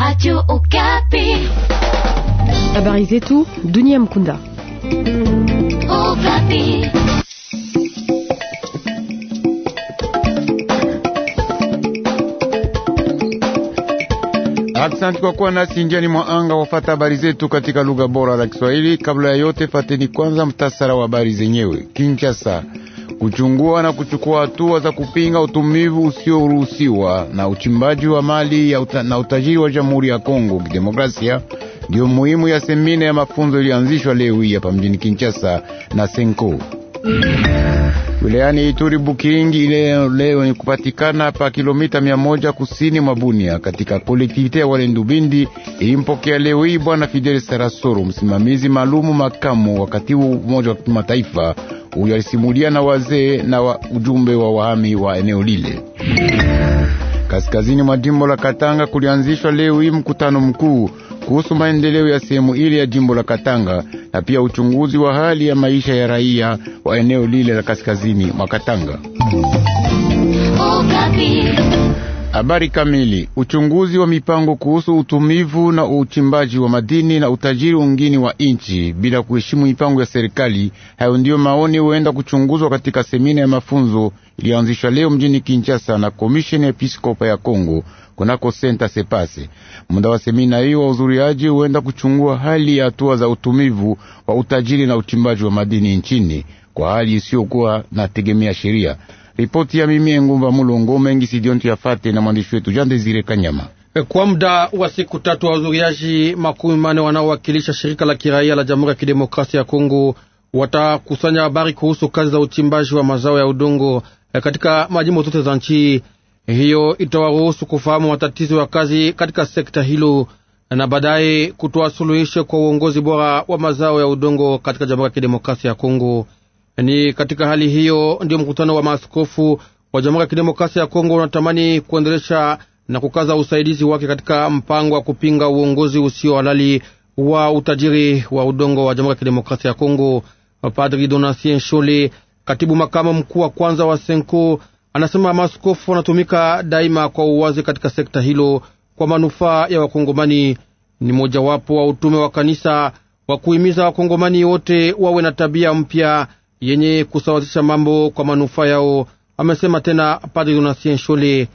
Radio Okapi. Habari zetu Dunia Mkunda. Okapi. Aksanti kwa kuwa nasi njiani mwa anga wafata habari zetu katika lugha bora la Kiswahili. Kabla ya yote, fateni kwanza mtasara wa habari zenyewe. Kinshasa kuchungua na kuchukua hatua za kupinga utumivu usioruhusiwa na uchimbaji wa mali ya uta, na utajiri wa Jamhuri ya Kongo Kidemokrasia ndiyo muhimu ya semina ya mafunzo iliyoanzishwa leo hii hapa mjini Kinshasa na Senko wilayani Ituri Bukiringi Leo, leo ni kupatikana pa kilomita mia moja kusini mwa Bunia katika kolektivite ya Walendu Bindi ilimpokea leo hii Bwana Fidel Sarasoro, msimamizi maalumu makamu katibu Umoja wa Kimataifa huyo alisimulia na wazee na wa ujumbe wa wahami wa eneo lile. Kaskazini mwa jimbo la Katanga kulianzishwa leo hii mkutano mkuu kuhusu maendeleo ya sehemu ile ya jimbo la Katanga na pia uchunguzi wa hali ya maisha ya raia wa eneo lile la kaskazini mwa Katanga. Oh, Habari kamili. Uchunguzi wa mipango kuhusu utumivu na uchimbaji wa madini na utajiri ungini wa nchi bila kuheshimu mipango ya serikali, hayo ndiyo maoni huenda kuchunguzwa katika semina ya mafunzo iliyoanzishwa leo mjini Kinshasa na Komisheni Episkopa ya Kongo kunako senta Sepase. Muda wa semina hiyo, wa uzuriaji huenda kuchungua hali ya hatua za utumivu wa utajiri na uchimbaji wa madini nchini kwa hali isiyokuwa na tegemea sheria. Ripoti ya mimi Engumba Mulongo mengi sidiontu yafate na mwandishi wetu Jean Desire Kanyama. E, kwa muda wa siku tatu wahudhuriaji makumi mane wanaowakilisha shirika la kiraia la Jamhuri ya Kidemokrasia ya Kongo watakusanya habari kuhusu kazi za uchimbaji wa mazao ya udongo e, katika majimbo zote za nchi. Hiyo itawaruhusu kufahamu matatizo ya kazi katika sekta hilo na baadaye kutoa suluhisho kwa uongozi bora wa mazao ya udongo katika Jamhuri ya Kidemokrasia ya Kongo. Ni katika hali hiyo ndio mkutano wa maaskofu wa Jamhuri ya Kidemokrasia ya Kongo unatamani kuendelesha na kukaza usaidizi wake katika mpango wa kupinga uongozi usio halali wa utajiri wa udongo wa Jamhuri ya Kidemokrasia ya Kongo. Padri Donatien Shole, katibu makamu mkuu wa kwanza wa Senko, anasema maaskofu wanatumika daima kwa uwazi katika sekta hilo kwa manufaa ya Wakongomani. Ni mojawapo wa utume wa kanisa wa kuhimiza Wakongomani wote wawe na tabia mpya yenye kusawazisha mambo kwa manufaa yao, amesema tena Padri Donatien Shole.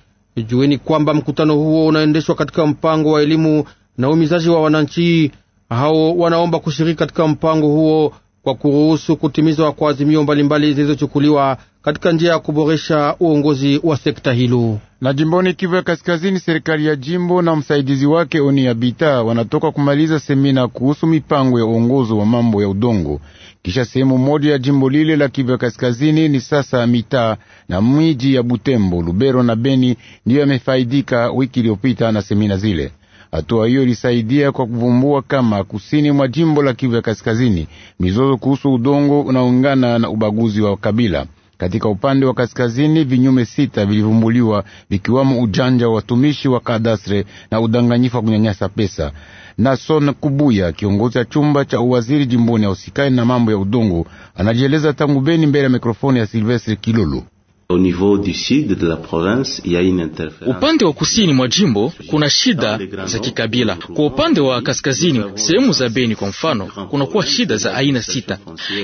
Jueni kwamba mkutano huo unaendeshwa katika mpango wa elimu na umizaji wa wananchi hao. Wanaomba kushiriki katika mpango huo kwa kuruhusu kutimizwa kwa azimio mbalimbali zilizochukuliwa katika njia ya kuboresha uongozi wa sekta hilo. Na jimboni Kivu ya Kaskazini, serikali ya jimbo na msaidizi wake Oni Bita wanatoka kumaliza semina kuhusu mipango ya uongozo wa mambo ya udongo. Kisha sehemu moja ya jimbo lile la Kivu ya Kaskazini ni sasa mitaa na miji ya Butembo, Lubero na Beni ndiyo yamefaidika wiki iliyopita na semina zile. Hatua hiyo ilisaidia kwa kuvumbua kama kusini mwa jimbo la Kivu ya Kaskazini mizozo kuhusu udongo unaungana na ubaguzi wa kabila. Katika upande wa kaskazini vinyume sita vilivumbuliwa vikiwamo ujanja wa watumishi wa kadastre na udanganyifu wa kunyanyasa pesa. Nason Kubuya, kiongozi wa chumba cha uwaziri jimboni ya usikani na mambo ya udongo, anajieleza tangu Beni mbele ya mikrofoni ya Silvestre Kilulu. Upande wa kusini mwa jimbo kuna shida za kikabila. Kwa upande wa kaskazini, sehemu za Beni kwa mfano, kunakuwa shida za aina sita.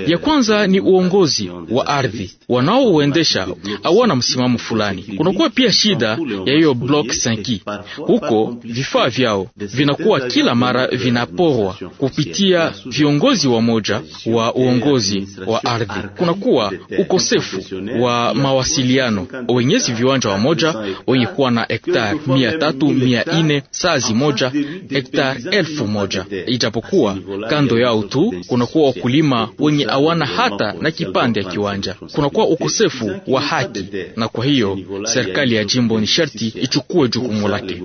Ya kwanza ni uongozi wa ardhi, wanaouendesha hawana msimamo fulani. Kunakuwa pia shida ya hiyo block sanki, huko vifaa vyao vinakuwa kila mara vinaporwa kupitia viongozi wa moja wa uongozi wa ardhi. Kunakuwa ukosefu wa mawasiliano mawasiliano, wenyezi viwanja wa moja wenye kuwa na hektari mia tatu mia ine sazi moja hektari elfu moja ijapokuwa kando yao tu kunakuwa wakulima wenye awana hata na kipande ya kiwanja. Kunakuwa ukosefu wa haki, na kwa hiyo serikali ya jimbo ni sharti ichukue jukumu lake.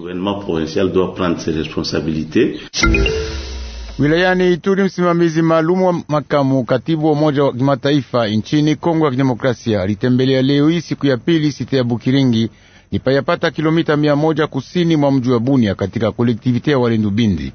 Wilayani Ituri, msimamizi maalumu wa makamu katibu wa Umoja wa Kimataifa nchini Kongo ya Kidemokrasia alitembelea leo hii siku ya pili site ya Bukiringi nipayapata kilomita mia moja kusini mwa mji wa Bunia katika kolektivite ya Walendu Bindi.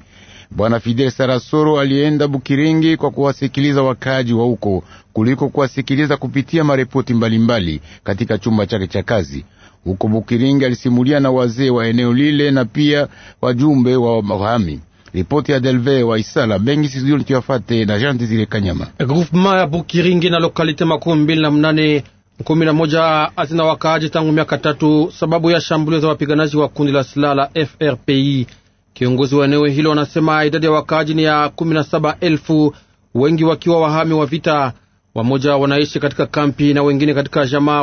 Bwana Fidel Sarasoro alienda Bukiringi kwa kuwasikiliza wakaaji wa huko kuliko kuwasikiliza kupitia marepoti mbalimbali katika chumba chake cha kazi huko Bukiringi. Alisimulia na wazee wa eneo lile na pia wajumbe wa wahami Ripoti ya Delve wa Isala Bengi Sizuyoni tuyafate na Jean Desire Kanyama. Groupement ya Bukiringi na lokalite makumi mbili na mnane kumi na moja hazina wakaaji tangu miaka tatu sababu ya shambulio za wapiganaji wa kundi la silaha la FRPI. Kiongozi wa eneo hilo anasema idadi ya wakaaji ni ya kumi na saba elfu, wengi wakiwa wahami wa vita. Wamoja wanaishi katika kampi na wengine katika jamaa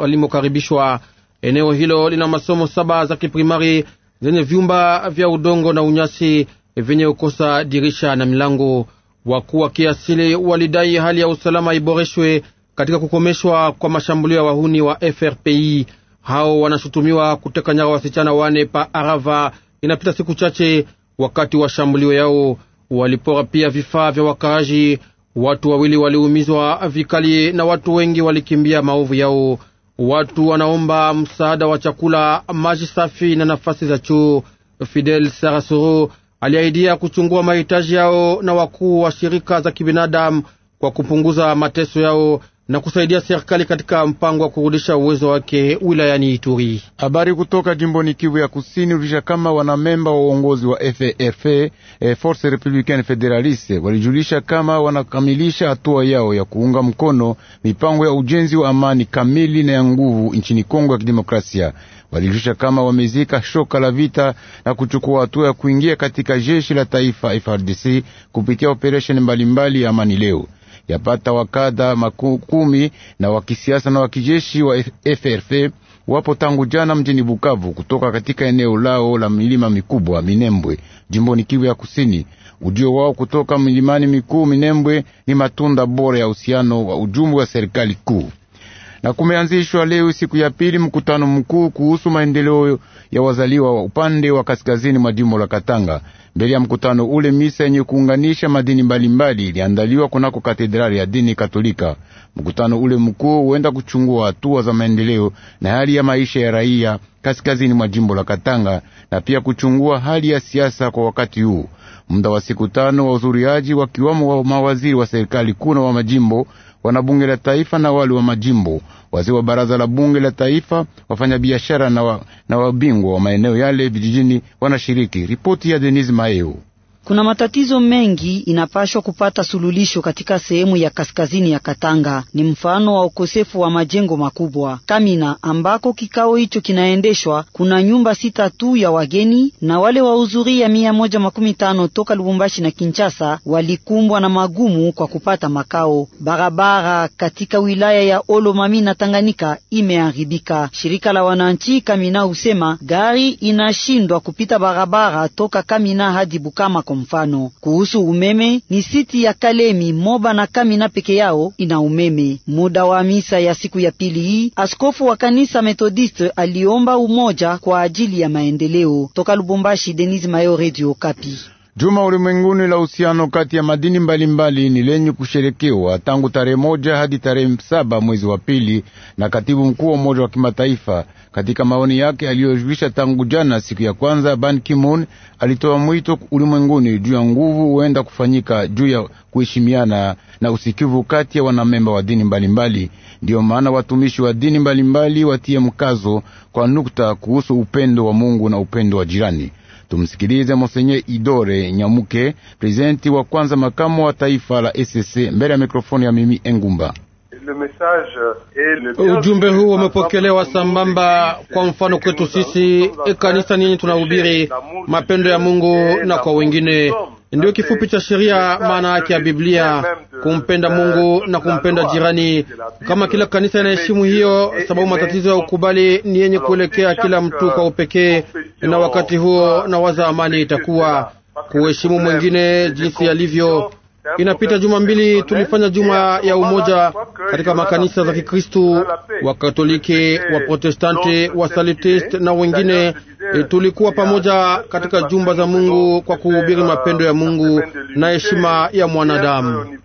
walimokaribishwa. Eneo hilo lina masomo saba za kiprimari zenye vyumba vya udongo na unyasi vyenye kukosa dirisha na milango. Wakuu wa kiasili walidai hali ya usalama iboreshwe katika kukomeshwa kwa mashambulio ya wahuni wa FRPI. Hao wanashutumiwa kuteka nyara wasichana wane pa Arava inapita siku chache wakati wa shambulio yao. Walipora pia vifaa vya wakaaji. Watu wawili waliumizwa vikali na watu wengi walikimbia maovu yao. Watu wanaomba msaada wa chakula, maji safi na nafasi za choo. Fidel Sarasoro aliahidia kuchungua mahitaji yao na wakuu wa shirika za kibinadamu kwa kupunguza mateso yao na kusaidia serikali katika mpango wa kurudisha uwezo wake wilayani Ituri. Habari kutoka jimboni Kivu ya Kusini ulisha kama wanamemba wa uongozi wa FRF e, eh, Force Republicaine Federaliste walijulisha kama wanakamilisha hatua yao ya kuunga mkono mipango ya ujenzi wa amani kamili na ya nguvu nchini Kongo ya Kidemokrasia walijusha kama wamezika shoka la vita na kuchukua hatua ya kuingia katika jeshi la taifa FRDC kupitia operesheni mbalimbali ya amani. Leo yapata wakadha makumi na wa kisiasa na wa kijeshi wa FRF wapo tangu jana mjini Bukavu kutoka katika eneo lao la milima mikubwa Minembwe, jimboni Kivu ya Kusini. Ujio wao kutoka milimani mikuu Minembwe ni matunda bora ya uhusiano wa ujumbe wa serikali kuu na kumeanzishwa leo siku ya pili mkutano mkuu kuhusu maendeleo ya wazaliwa wa upande wa kaskazini mwa jimbo la Katanga. Mbele ya mkutano ule, misa yenye kuunganisha madini mbalimbali iliandaliwa kunako katedrali ya dini Katolika. Mkutano ule mkuu huenda kuchungua hatua za maendeleo na hali ya maisha ya raia kaskazini mwa jimbo la Katanga na pia kuchungua hali ya siasa kwa wakati huu. Muda wa siku tano wa uzuriaji wakiwamo wa mawaziri wa serikali kuna wa majimbo wanabunge la taifa na wali wa majimbo, wazee wa baraza la bunge la taifa, wafanyabiashara na, wa, na wabingwa wa maeneo yale vijijini wanashiriki. Ripoti ya Denis Maeu. Kuna matatizo mengi inapashwa kupata sululisho katika sehemu ya kaskazini ya Katanga. Ni mfano wa ukosefu wa majengo makubwa. Kamina ambako kikao hicho kinaendeshwa, kuna nyumba sita tu ya wageni na wale uzuria mia moja makumi tano toka Lubumbashi na Kinshasa walikumbwa na magumu kwa kupata makao. Barabara katika wilaya ya Olomami na Tanganyika imeharibika. Shirika la wananchi Kamina husema gari inashindwa kupita barabara toka Kamina hadi Bukama. Kwa mfano kuhusu umeme, ni siti ya Kalemi, Moba na Kamina peke yao ina umeme. Muda wa misa ya siku ya pili hii, askofu wa kanisa Methodiste aliomba umoja kwa ajili ya maendeleo. Toka Lubumbashi, Denise Mayo, Radio Kapi. Juma ulimwenguni la uhusiano kati ya madini mbalimbali ni lenye kusherekewa tangu tarehe moja hadi tarehe saba mwezi wa pili na katibu mkuu wa Umoja wa Kimataifa. Katika maoni yake aliyojulisha tangu jana siku ya kwanza, Ban Ki-moon alitoa mwito ulimwenguni juu ya nguvu huenda kufanyika juu ya kuheshimiana na usikivu kati ya wanamemba wa dini mbalimbali. Ndiyo maana watumishi wa dini mbalimbali watie mkazo kwa nukta kuhusu upendo wa Mungu na upendo wa jirani. Tumsikilize Monsenye Idore Nyamuke, prezidenti wa kwanza makamu wa taifa la ECC mbele ya mikrofoni ya mimi Engumba. Ujumbe huu umepokelewa sambamba, kwa mfano kwetu sisi kanisa nini tunahubiri mapendo ya Mungu na kwa wengine ndiyo kifupi cha sheria, maana yake ya Biblia, kumpenda Mungu na kumpenda jirani. Kama kila kanisa inaheshimu hiyo, sababu matatizo ya ukubali ni yenye kuelekea kila mtu kwa upekee, na wakati huo na waza amani itakuwa kuheshimu mwingine jinsi yalivyo. Inapita juma mbili tulifanya juma ya umoja katika makanisa za Kikristu, Wakatoliki, Waprotestanti, Wasalutist na wengine E, tulikuwa pamoja katika jumba za Mungu kwa kuhubiri mapendo ya Mungu na heshima ya mwanadamu.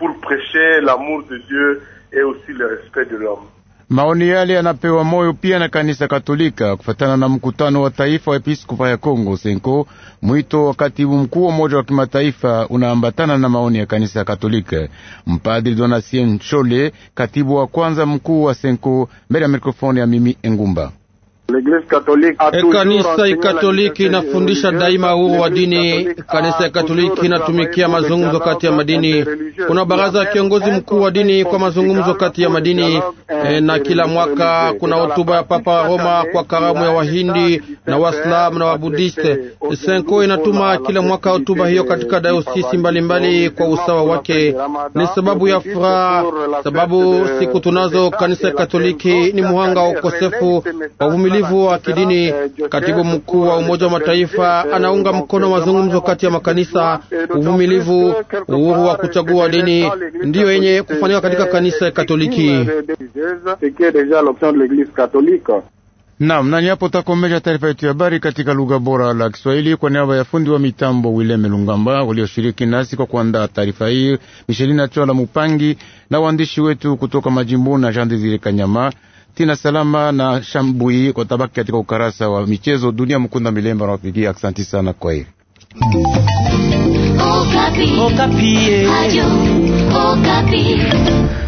Pour prêcher l'amour de Dieu et aussi le respect de l'homme. Maoni yale yanapewa moyo pia na kanisa Katolika kufatana na mkutano wa taifa wa episkopa ya Kongo Senko. Mwito wa katibu mkuu wa Umoja wa Kimataifa unaambatana na maoni ya kanisa Katolika. Mpadri Donatien Chole, katibu wa kwanza mkuu wa Senko, mbele ya mikrofoni ya mimi Engumba. E kanisa ya Katoliki inafundisha daima uhuru wa dini. Kanisa ya Katoliki inatumikia mazungumzo kati ya madini. Kuna baraza ya kiongozi mkuu wa dini kwa mazungumzo kati ya madini, eh, na kila mwaka kuna hotuba ya Papa wa Roma kwa karamu ya Wahindi na Waislamu na Wabudiste. Senko inatuma kila mwaka hotuba hiyo katika dayosisi mbalimbali kwa usawa wake. Ni sababu ya furaha, sababu siku tunazo kanisa ya Katoliki ni muhanga wa ukosefu wa uvumilivu utulivu wa kidini, katibu mkuu wa Umoja wa Mataifa anaunga mkono mazungumzo kati ya makanisa. Uvumilivu, uhuru wa kuchagua dini ndiyo yenye kufanyika katika kanisa ya Katoliki. Naam, na hapo takomesha taarifa yetu ya habari katika lugha bora la Kiswahili kwa niaba ya fundi wa mitambo Wileme Lungamba walioshiriki nasi kwa kuandaa taarifa hii, Michelina Chola Mupangi na waandishi wetu kutoka majimbo na Jean Desire Kanyama. Tina Salama na Shambui kwa tabaki katika ukarasa wa michezo. Dunia Mkunda Milemba nawapigia aksanti sana kwa hili Okapi. Oh, Okapi. Oh,